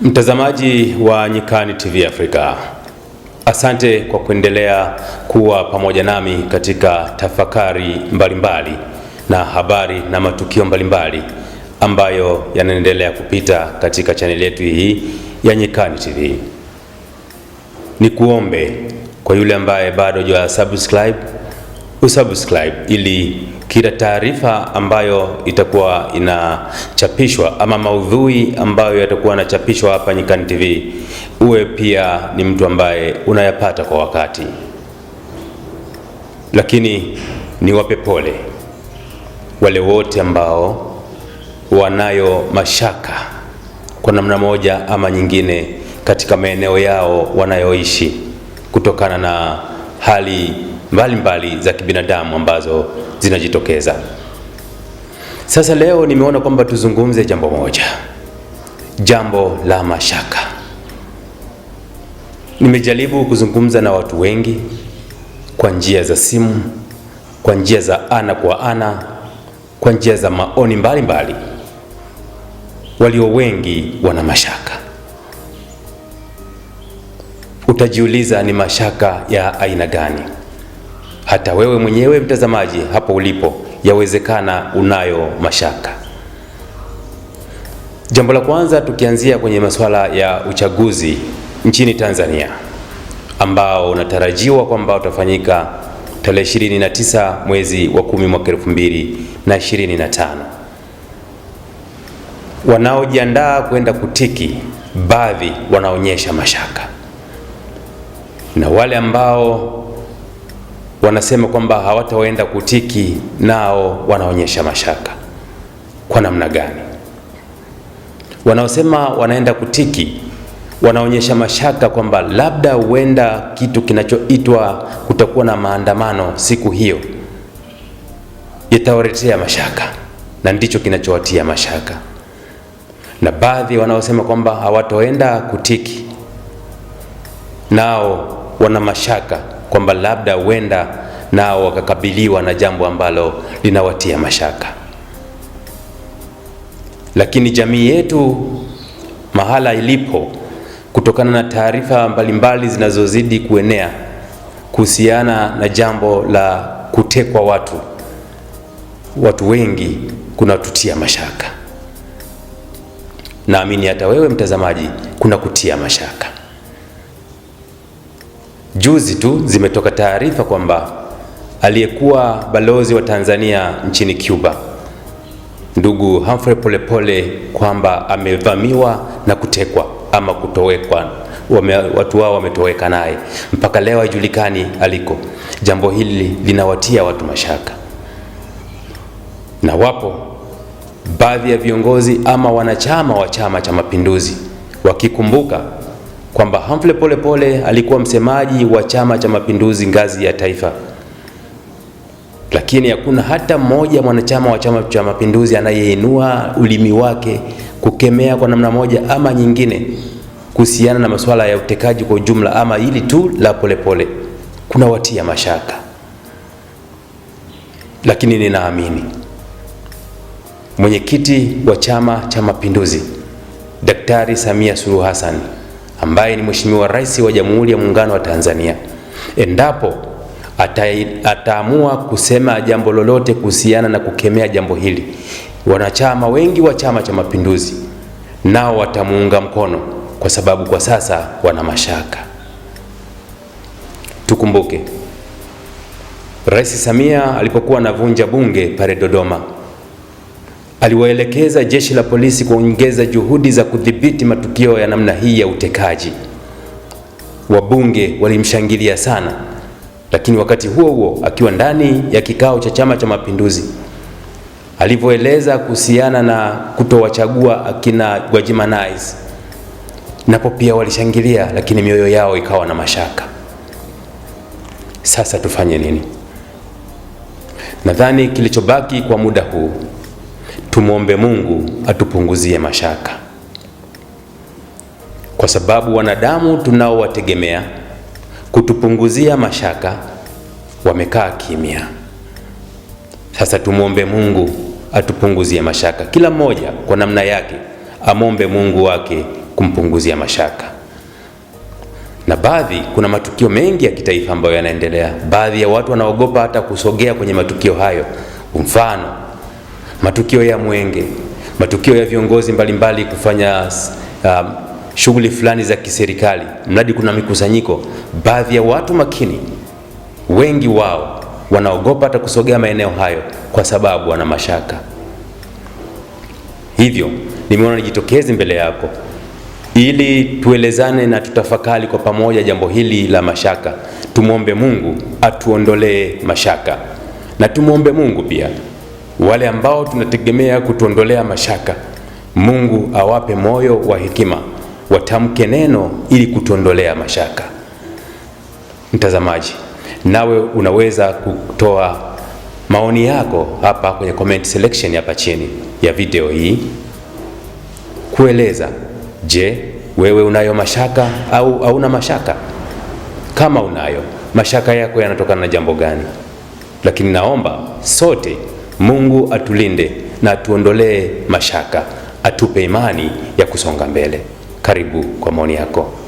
Mtazamaji wa Nyikani TV Afrika, asante kwa kuendelea kuwa pamoja nami katika tafakari mbalimbali mbali na habari na matukio mbalimbali mbali ambayo yanaendelea kupita katika chaneli yetu hii ya Nyikani TV. ni kuombe kwa yule ambaye bado hajasubscribe, usubscribe ili kila taarifa ambayo itakuwa inachapishwa ama maudhui ambayo yatakuwa yanachapishwa hapa Nyikani TV, uwe pia ni mtu ambaye unayapata kwa wakati. Lakini niwape pole wale wote ambao wanayo mashaka kwa namna moja ama nyingine katika maeneo yao wanayoishi kutokana na hali mbalimbali za kibinadamu ambazo zinajitokeza. Sasa leo nimeona kwamba tuzungumze jambo moja, jambo la mashaka. Nimejaribu kuzungumza na watu wengi kwa njia za simu, kwa njia za ana kwa ana, kwa njia za maoni mbalimbali mbali. Walio wengi wana mashaka. Utajiuliza, ni mashaka ya aina gani? hata wewe mwenyewe mtazamaji hapo ulipo, yawezekana unayo mashaka. Jambo la kwanza, tukianzia kwenye masuala ya uchaguzi nchini Tanzania ambao unatarajiwa kwamba utafanyika tarehe 29 mwezi wa 10 mwaka 2025. Wanaojiandaa kwenda kutiki, baadhi wanaonyesha mashaka na wale ambao wanasema kwamba hawataenda kutiki, nao wanaonyesha mashaka. Kwa namna gani? Wanaosema wanaenda kutiki wanaonyesha mashaka kwamba labda huenda kitu kinachoitwa kutakuwa na maandamano siku hiyo yatawaletea mashaka, na ndicho kinachowatia mashaka. Na baadhi wanaosema kwamba hawataenda kutiki nao wana mashaka kwamba labda huenda nao wakakabiliwa na jambo ambalo linawatia mashaka. Lakini jamii yetu mahala ilipo, kutokana na taarifa mbalimbali zinazozidi kuenea kuhusiana na jambo la kutekwa watu, watu wengi kunatutia mashaka. Naamini hata wewe mtazamaji, kuna kutia mashaka. Juzi tu zimetoka taarifa kwamba aliyekuwa balozi wa Tanzania nchini Cuba ndugu Humphrey Polepole kwamba amevamiwa na kutekwa ama kutowekwa, wame, watu wao wametoweka naye, mpaka leo haijulikani aliko. Jambo hili linawatia watu mashaka, na wapo baadhi ya viongozi ama wanachama wa Chama cha Mapinduzi wakikumbuka kwamba Humphrey Polepole alikuwa msemaji wa Chama cha Mapinduzi ngazi ya taifa, lakini hakuna hata mmoja mwanachama wa Chama cha Mapinduzi anayeinua ulimi wake kukemea kwa namna moja ama nyingine kuhusiana na masuala ya utekaji kwa ujumla ama hili tu la Polepole pole. Kuna watia mashaka, lakini ninaamini mwenyekiti wa Chama cha Mapinduzi Daktari Samia Suluhu Hassan ambaye ni Mheshimiwa Rais wa Jamhuri ya Muungano wa Tanzania, endapo ataamua kusema jambo lolote kuhusiana na kukemea jambo hili, wanachama wengi wa Chama cha Mapinduzi nao watamuunga mkono, kwa sababu kwa sasa wana mashaka. Tukumbuke Rais Samia alipokuwa anavunja bunge pale Dodoma aliwaelekeza jeshi la polisi kuongeza juhudi za kudhibiti matukio ya namna hii ya utekaji. Wabunge walimshangilia sana, lakini wakati huo huo akiwa ndani ya kikao cha Chama cha Mapinduzi alivyoeleza kuhusiana na kutowachagua akina Gwajimanize, napo pia walishangilia, lakini mioyo yao ikawa na mashaka. Sasa tufanye nini? Nadhani kilichobaki kwa muda huu tumwombe Mungu atupunguzie mashaka, kwa sababu wanadamu tunaowategemea kutupunguzia mashaka wamekaa kimya. Sasa tumwombe Mungu atupunguzie mashaka, kila mmoja kwa namna yake amwombe Mungu wake kumpunguzia mashaka. Na baadhi, kuna matukio mengi ya kitaifa ambayo yanaendelea, baadhi ya watu wanaogopa hata kusogea kwenye matukio hayo, mfano matukio ya mwenge, matukio ya viongozi mbalimbali mbali kufanya um, shughuli fulani za kiserikali, mradi kuna mikusanyiko, baadhi ya watu makini, wengi wao wanaogopa hata kusogea maeneo hayo kwa sababu wana mashaka. Hivyo nimeona nijitokeze mbele yako ili tuelezane na tutafakari kwa pamoja jambo hili la mashaka. Tumwombe Mungu atuondolee mashaka na tumwombe Mungu pia wale ambao tunategemea kutuondolea mashaka. Mungu awape moyo wa hekima, watamke neno ili kutuondolea mashaka. Mtazamaji, nawe unaweza kutoa maoni yako hapa kwenye comment selection hapa chini ya video hii, kueleza je, wewe unayo mashaka au hauna mashaka? Kama unayo mashaka, yako yanatokana na jambo gani? Lakini naomba sote Mungu atulinde na atuondolee mashaka, atupe imani ya kusonga mbele. Karibu kwa maoni yako.